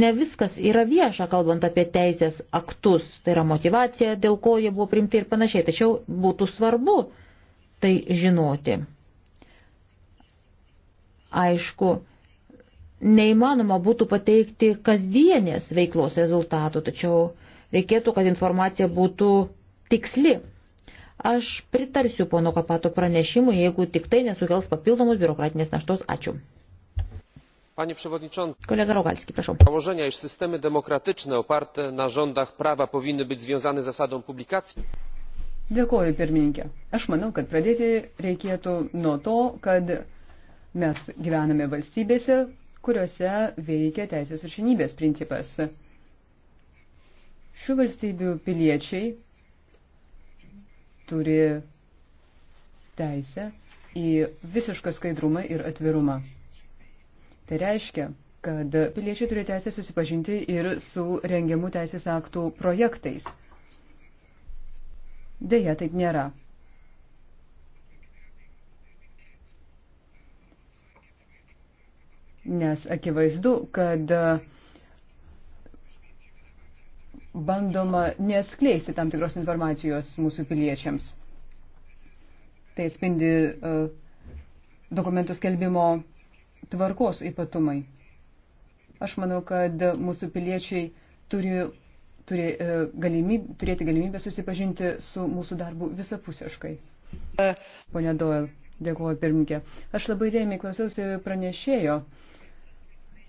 ne viskas yra vieša, kalbant apie teisės aktus, tai yra motivacija, dėl ko jie buvo primti ir panašiai, tačiau būtų svarbu tai žinoti. Aišku, neįmanoma būtų pateikti kasdienės veiklos rezultatų, tačiau reikėtų, kad informacija būtų tiksli. Aš pritarsiu pono Kapato pranešimui, jeigu tik tai nesukels papildomos biurokratinės naštos. Ačiū. Panie Przewodniczący, kolega Rogalski, proszę. Założenia, iż systemy demokratyczne oparte na rządach prawa powinny być związane z zasadą publikacji. Dėkoju, pirmininkė. Aš manau, kad pradėti reikėtų nuo to, kad mes gyvename valstybėse, kuriuose veikia teisės viršinybės principas. Šių valstybių piliečiai turi teisę į visišką skaidrumą ir atvirumą. Tai reiškia, kad piliečiai turi teisę susipažinti ir su rengiamų teisės aktų projektais. Deja, taip nėra. Nes akivaizdu, kad uh, bandoma neskleisti tam tikros informacijos mūsų piliečiams. Tai spindi e, dokumentų skelbimo tvarkos ypatumai. Aš manau, kad mūsų piliečiai turi, turi e, galimyb, turėti galimybę susipažinti su mūsų darbu visapusiškai. Pone Doyle, dėkuoju pirmininkė. Aš labai dėmiai klausiausi pranešėjo.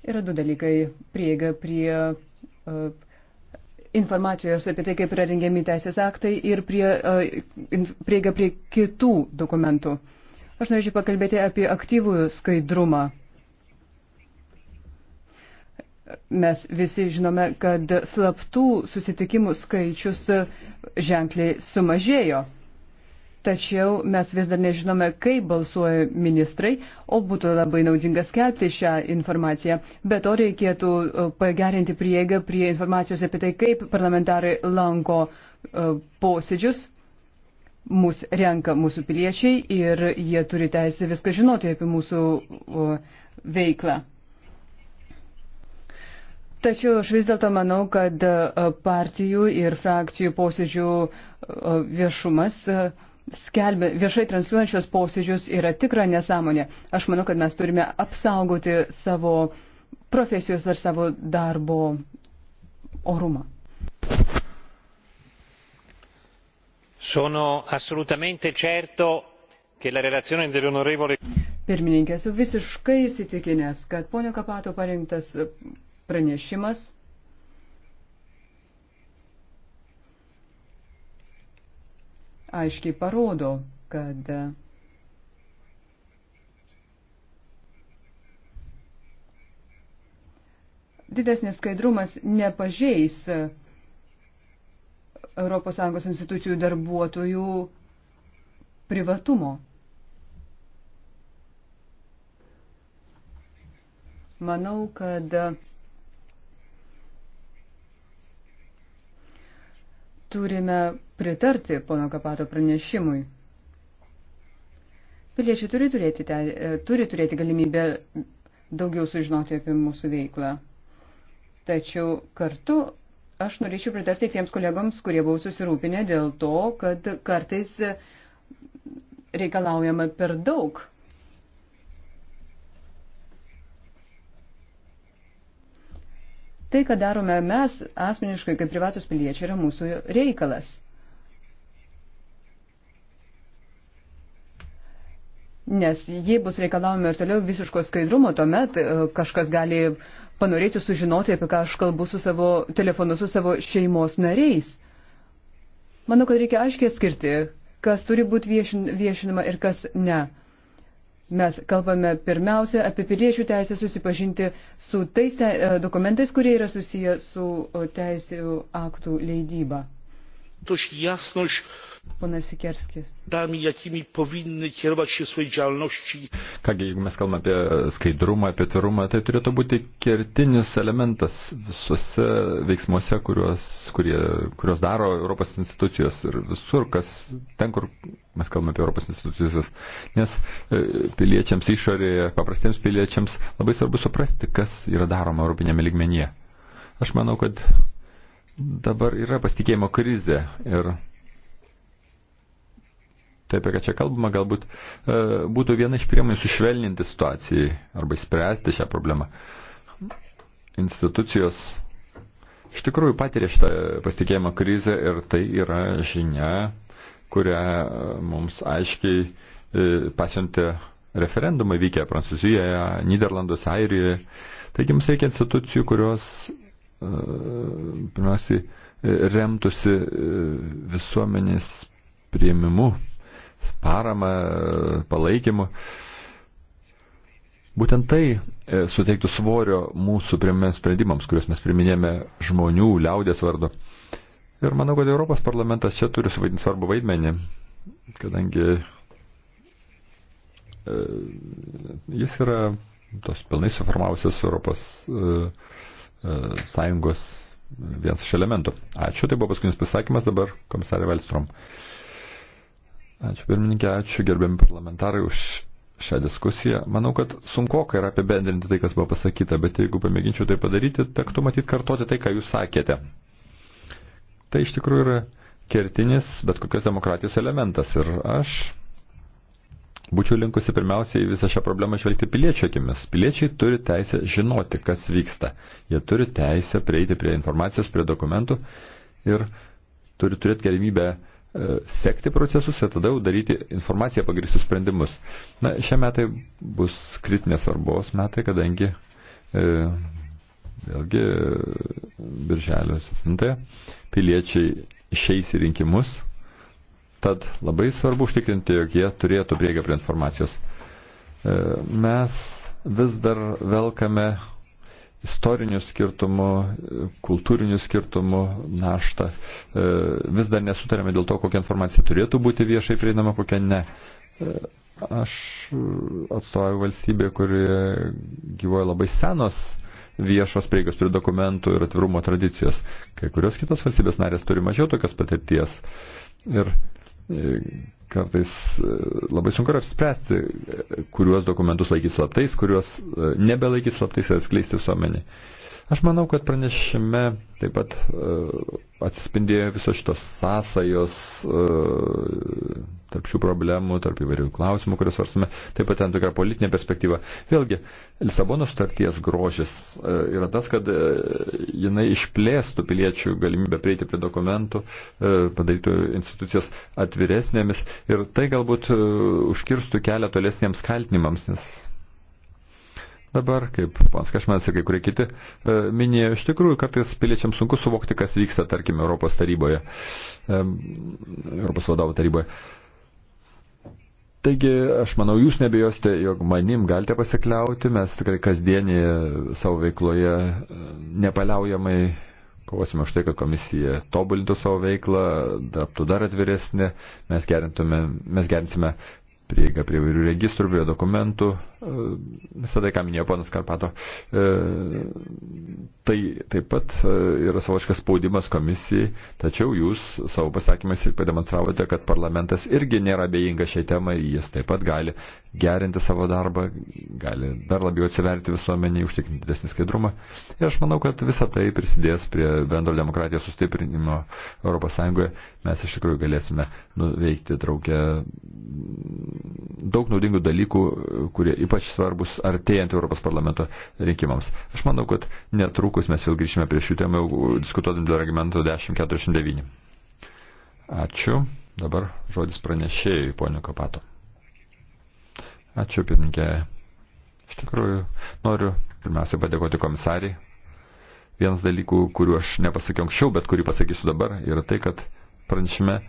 Yra du dalykai - prieiga prie uh, informacijos apie tai, kaip yra rengiami teisės aktai ir prie, e, prieiga prie kitų dokumentų. Aš norėčiau pakalbėti apie aktyvų skaidrumą. Mes visi žinome, kad slaptų susitikimų skaičius ženkliai sumažėjo tačiau mes vis dar nežinome, kaip balsuoja ministrai, o būtų labai naudinga skelbti šią informaciją. Be to reikėtų e, pagerinti prieigą prie informacijos apie tai, kaip parlamentarai lanko e, posėdžius. Mūsų renka mūsų piliečiai ir jie turi teisę viską žinoti apie mūsų e, veiklą. Tačiau aš vis dėlto manau, kad partijų ir frakcijų posėdžių viešumas skelbia viešai transliuojančios posėdžius yra tikra nesąmonė. Aš manau, kad mes turime apsaugoti savo profesijos ar savo darbo orumą. Sono assolutamente certo che la relazione dell'onorevole. Pirmininkė, esu visiškai įsitikinęs, kad ponio Kapato parinktas pranešimas aiškiai parodo, kad didesnis skaidrumas nepažeis ES institucijų darbuotojų privatumo. Manau, kad turime pritarti pono Kapato pranešimui. Piliečiai turi turėti, te, e, turi turėti galimybę daugiau sužinoti apie mūsų veiklą. Tačiau kartu aš norėčiau pritarti tiems kolegoms, kurie buvo susirūpinę dėl to, kad kartais reikalaujama per daug Tai, ką darome mes asmeniškai kaip privatus piliečiai, yra mūsų reikalas. Nes jei bus reikalavome ir toliau visiško skaidrumo, tuomet e, kažkas gali panorėti sužinoti, apie ką aš kalbu su savo telefonu, su savo šeimos nariais. Manau, kad reikia aiškiai atskirti, kas turi būti viešin, viešinama ir kas ne. Mes kalbame pirmiausia apie piliečių teisę susipažinti su tais te, e, dokumentais, kurie yra susiję su teisėjų aktų leidyba. Tož jasność Ponas Sikerskis. Kągi, jeigu mes kalbame apie skaidrumą, apie tvarumą, tai turėtų būti kertinis elementas visose veiksmuose, kuriuos, kurie, kuriuos daro Europos institucijos ir visur, kas ten, kur mes kalbame apie Europos institucijas. Nes e, piliečiams išorėje, paprastiems piliečiams labai svarbu suprasti, kas yra daroma Europinėme ligmenyje. Aš manau, kad dabar yra pasitikėjimo krizė ir tai apie ką čia kalbama, galbūt e, būtų viena iš priemonių sušvelninti situacijai arba spręsti šią problemą. Institucijos iš tikrųjų patiria šitą pasitikėjimo krizę ir tai yra žinia, kurią mums aiškiai e, pasiuntė referendumai vykę Prancūzijoje, Niderlanduose, Airijoje. Taigi mums reikia institucijų, kurios e, pirmiausiai e, remtųsi e, visuomenės prieimimu paramą, palaikymu. Būtent tai e, suteiktų svorio mūsų priimėms sprendimams, kuriuos mes priminėme žmonių, liaudės vardu. Ir manau, kad Europos parlamentas čia turi suvaidinti svarbu vaidmenį, kadangi e, jis yra tos pilnai suformavusios Europos e, e, Sąjungos vienas iš elementų. Ačiū, tai buvo paskutinis pasakymas, dabar komisarė Velstrom. E, Ačiū pirmininkė, ačiū gerbiami parlamentarai už šią diskusiją. Manau, kad sunkoka yra apibendrinti tai, kas buvo pasakyta, bet jeigu pamėginčiau tai padaryti, tektų matyti kartoti tai, ką jūs sakėte. Tai iš tikrųjų yra kertinis bet kokios demokratijos elementas ir aš būčiau linkusi pirmiausiai visą šią problemą žvelgti piliečio akimis. Piliečiai turi teisę žinoti, kas vyksta. Jie turi teisę prieiti prie informacijos, prie dokumentų ir turi turėti galimybę uh, E, sekti procesus ir tada jau daryti informaciją pagristus sprendimus. Na, šie metai bus kritinės svarbos metai, kadangi e, vėlgi birželio 7 piliečiai išeis į rinkimus, tad labai svarbu užtikrinti, jog jie turėtų prieigą prie informacijos. E, mes vis dar velkame istorinių skirtumų, kultūrinių skirtumų naštą. E, vis dar nesutarėme dėl to, kokia informacija turėtų būti viešai prieinama, kokia ne. E, aš atstovauju valstybė, kuri gyvoja labai senos viešos prieigos prie dokumentų ir atvirumo tradicijos. Kai kurios kitos valstybės narės turi mažiau tokios patirties. Ir E, kartais e, labai sunku yra apspręsti, e, kuriuos dokumentus laikyti slaptais, kuriuos nebelaikyti slaptais ir atskleisti visuomenį. Aš manau, kad pranešime taip pat uh, atsispindėjo visos šitos sąsajos uh, tarp šių problemų, tarp įvairių klausimų, kurias svarstume, taip pat ten tokia politinė perspektyva. Vėlgi, Lisabono sutarties grožis uh, yra tas, kad uh, jinai išplėstų piliečių galimybę prieiti prie dokumentų, uh, padarytų institucijas atviresnėmis ir tai galbūt uh, užkirstų kelią tolesniems kaltinimams, nes dabar, kaip pans Kašmės ir kai kurie kiti e, minėjo, iš tikrųjų kartais piliečiams sunku suvokti, kas vyksta, tarkim, Europos taryboje, e, Europos vadovų taryboje. Taigi, aš manau, jūs nebijosite, jog manim galite pasikliauti, mes tikrai kasdienį savo veikloje e, nepaliaujamai kovosime už tai, kad komisija tobulintų savo veiklą, taptų dar atviresnė, mes, mes gerinsime prieigą prie vairių registrų, prie dokumentų, visą tai, ką minėjo ponas Karpato. Tai taip pat yra savoškas spaudimas komisijai, tačiau jūs savo pasakymais ir pademonstravote, kad parlamentas irgi nėra bejinga šiai temai, jis taip pat gali gerinti savo darbą, gali dar labiau atsiverti visuomeniai, užtikrinti didesnį skaidrumą. Ir aš manau, kad visa tai prisidės prie bendro demokratijos sustiprinimo ES. Mes iš tikrųjų galėsime nuveikti draugę daug naudingų dalykų, kurie ypač svarbus artėjant Europos parlamento rinkimams. Aš manau, kad netrukus mes vėl grįšime prie šių temų, diskutuodami dėl argumento 1049. Ačiū. Dabar žodis pranešėjui, ponio Kapato. Ačiū, pirmininkė. Iš tikrųjų, noriu pirmiausia padėkoti komisariai. Vienas dalykų, kuriuo aš nepasakiau anksčiau, bet kurį pasakysiu dabar, yra tai, kad pranešime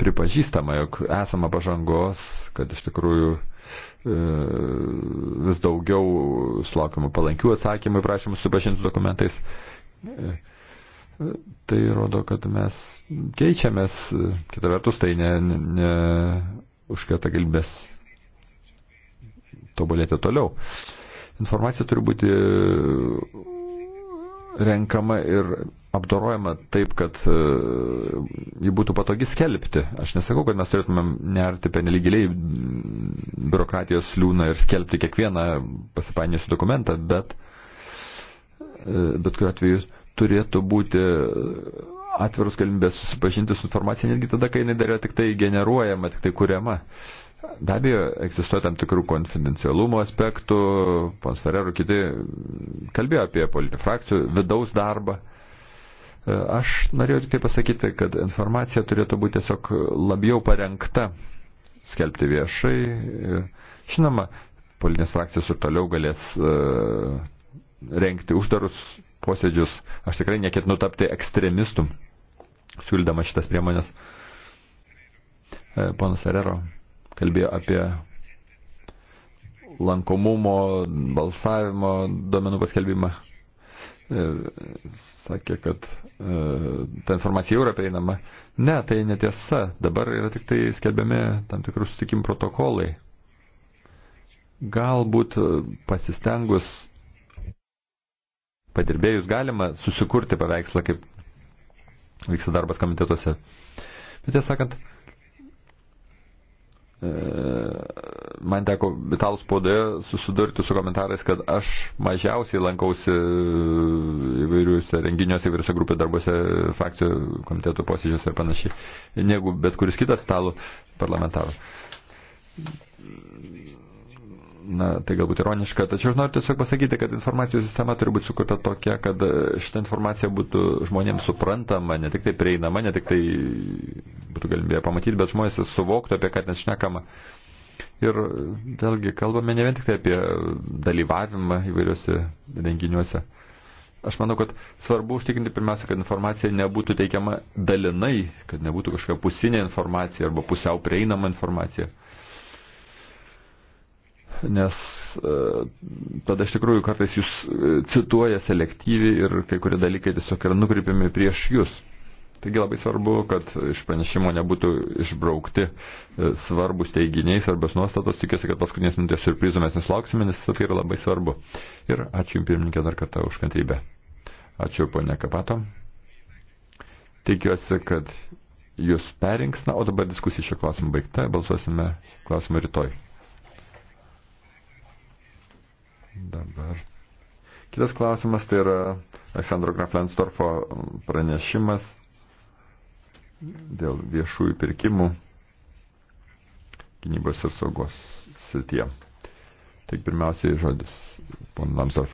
pripažįstama, jog esama pažangos, kad iš tikrųjų E, vis daugiau sulaukime palankių atsakymų į prašymus supažinti dokumentais. E, e, tai rodo, kad mes keičiamės, kita vertus, tai ne, ne, ne užkėta galimybės tobulėti toliau. Informacija turi būti renkama ir apdorojama taip, kad e, ji būtų patogi skelbti. Aš nesakau, kad mes turėtumėm nerti penelygiliai biurokratijos liūną ir skelbti kiekvieną pasipainėjusių dokumentą, bet e, bet kuriuo atveju turėtų būti atvirus galimybės susipažinti su informacija netgi tada, kai jinai dar yra tik tai generuojama, tik tai kuriama. Uh, Be abejo, egzistuoja tam tikrų konfidencialumo aspektų, pons Ferrero kiti kalbėjo apie politinių frakcijų vidaus darbą. E, aš norėjau tik tai pasakyti, kad informacija turėtų būti tiesiog labiau parengta skelbti viešai. E, žinoma, politinės frakcijos ir toliau galės e, rengti uždarus posėdžius. Aš tikrai neketinu tapti ekstremistum, siūlydama šitas priemonės. Ponas Ferrero kalbėjo apie lankomumo, balsavimo domenų paskelbimą. E, sakė, kad e, ta informacija jau yra prieinama. Ne, tai netiesa. Dabar yra tik tai skelbiami tam tikrų sutikimų protokolai. Galbūt e, pasistengus, padirbėjus galima susikurti paveikslą, kaip vyksta darbas komitetuose. Bet tiesą sakant, e, E, man teko italų spaudoje susidurti su komentarais, kad aš mažiausiai lankausi įvairiuose renginiuose, įvairiuose grupė darbuose, frakcijų komitetų posėdžiuose ir panašiai, negu bet kuris kitas italų parlamentaras na, tai galbūt ironiška, tačiau aš noriu tiesiog pasakyti, kad informacijos sistema turi būti sukurta tokia, kad e, šitą informaciją būtų žmonėms suprantama, ne tik tai prieinama, ne tik tai būtų galimybė pamatyti, bet žmonės suvoktų, apie ką mes šnekama. Ir e, vėlgi kalbame ne vien tik tai apie dalyvavimą įvairiuose renginiuose. Aš manau, kad svarbu užtikrinti pirmiausia, kad informacija nebūtų teikiama dalinai, kad nebūtų kažkokia pusinė informacija arba pusiau prieinama informacija nes e, tada iš tikrųjų kartais jūs e, cituoja selektyviai ir kai kurie dalykai tiesiog yra nukreipiami prieš jūs. Taigi labai svarbu, kad iš pranešimo nebūtų išbraukti e, svarbus teiginiai, svarbios nuostatos. Tikiuosi, kad paskutinės minutės surprizų mes nesulauksime, nes tai yra labai svarbu. Ir ačiū Jums pirmininkė dar kartą už kantrybę. Ačiū ponė Kapato. Tikiuosi, kad Jūs perinksna, o dabar diskusija šio klausimu baigta, balsuosime klausimą rytoj. Dabar. Kitas klausimas tai yra Aleksandro Graflensdorfo pranešimas dėl viešųjų pirkimų gynybos ir saugos srityje. Tik pirmiausiai žodis, pon Lamsdorf.